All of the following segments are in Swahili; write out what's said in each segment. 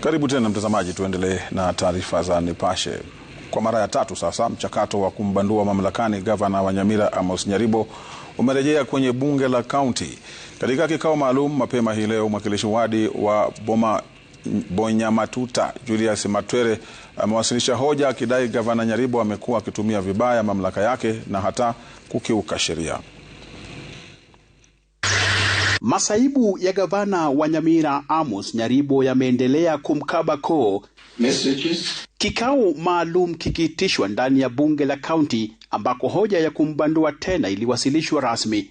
Karibu tena mtazamaji, tuendelee na taarifa za Nipashe. Kwa mara ya tatu sasa, mchakato wa kumbandua mamlakani gavana wa Nyamira Amos Nyaribo umerejea kwenye bunge la kaunti. Katika kikao maalum mapema hii leo, mwakilishi wadi wa Boma Bonyamatuta Julius Matwere amewasilisha hoja akidai gavana Nyaribo amekuwa akitumia vibaya mamlaka yake na hata kukiuka sheria. Masaibu ya gavana wa Nyamira Amos Nyaribo yameendelea kumkaba koo. Kikao maalum kikiitishwa ndani ya bunge la kaunti ambako hoja ya kumbandua tena iliwasilishwa rasmi.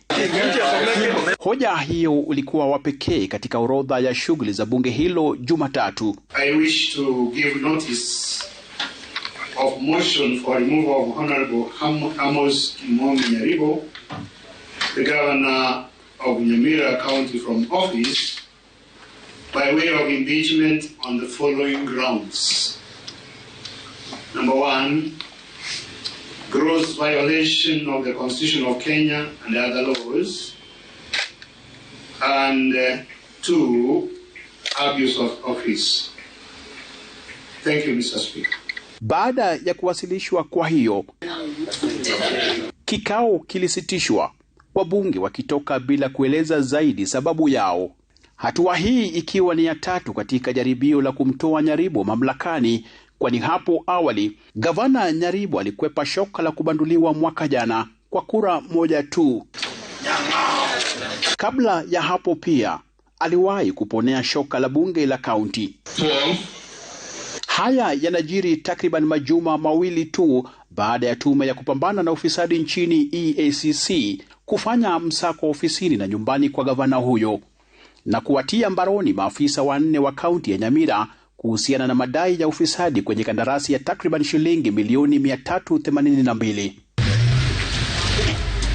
Hoja hiyo ulikuwa wa pekee katika orodha ya shughuli za bunge hilo Jumatatu. governor of Nyamira County from office by way of impeachment on the following grounds. Number one, gross violation of the Constitution of Kenya and other laws. And uh, two, abuse of office. Thank you, Mr. Speaker. Baada ya kuwasilishwa kwa hiyo, kikao kilisitishwa wabunge wakitoka bila kueleza zaidi sababu yao, hatua hii ikiwa ni ya tatu katika jaribio la kumtoa Nyaribo mamlakani, kwani hapo awali gavana Nyaribo alikwepa shoka la kubanduliwa mwaka jana kwa kura moja tu. Kabla ya hapo pia aliwahi kuponea shoka la bunge la kaunti. Haya yanajiri takriban majuma mawili tu baada ya tume ya kupambana na ufisadi nchini EACC kufanya msako ofisini na nyumbani kwa gavana huyo na kuwatia mbaroni maafisa wanne wa kaunti ya Nyamira kuhusiana na madai ya ufisadi kwenye kandarasi ya takriban shilingi milioni 382.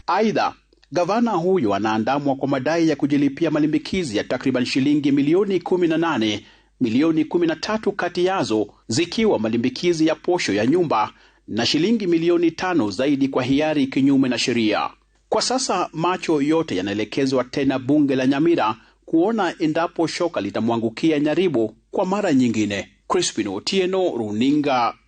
Aidha, gavana huyo anaandamwa kwa madai ya kujilipia malimbikizi ya takriban shilingi milioni 18 milioni 13 kati yazo zikiwa malimbikizi ya posho ya nyumba na shilingi milioni tano zaidi kwa hiari kinyume na sheria. Kwa sasa macho yote yanaelekezwa tena bunge la Nyamira kuona endapo shoka litamwangukia Nyaribo kwa mara nyingine. Crispin Otieno, runinga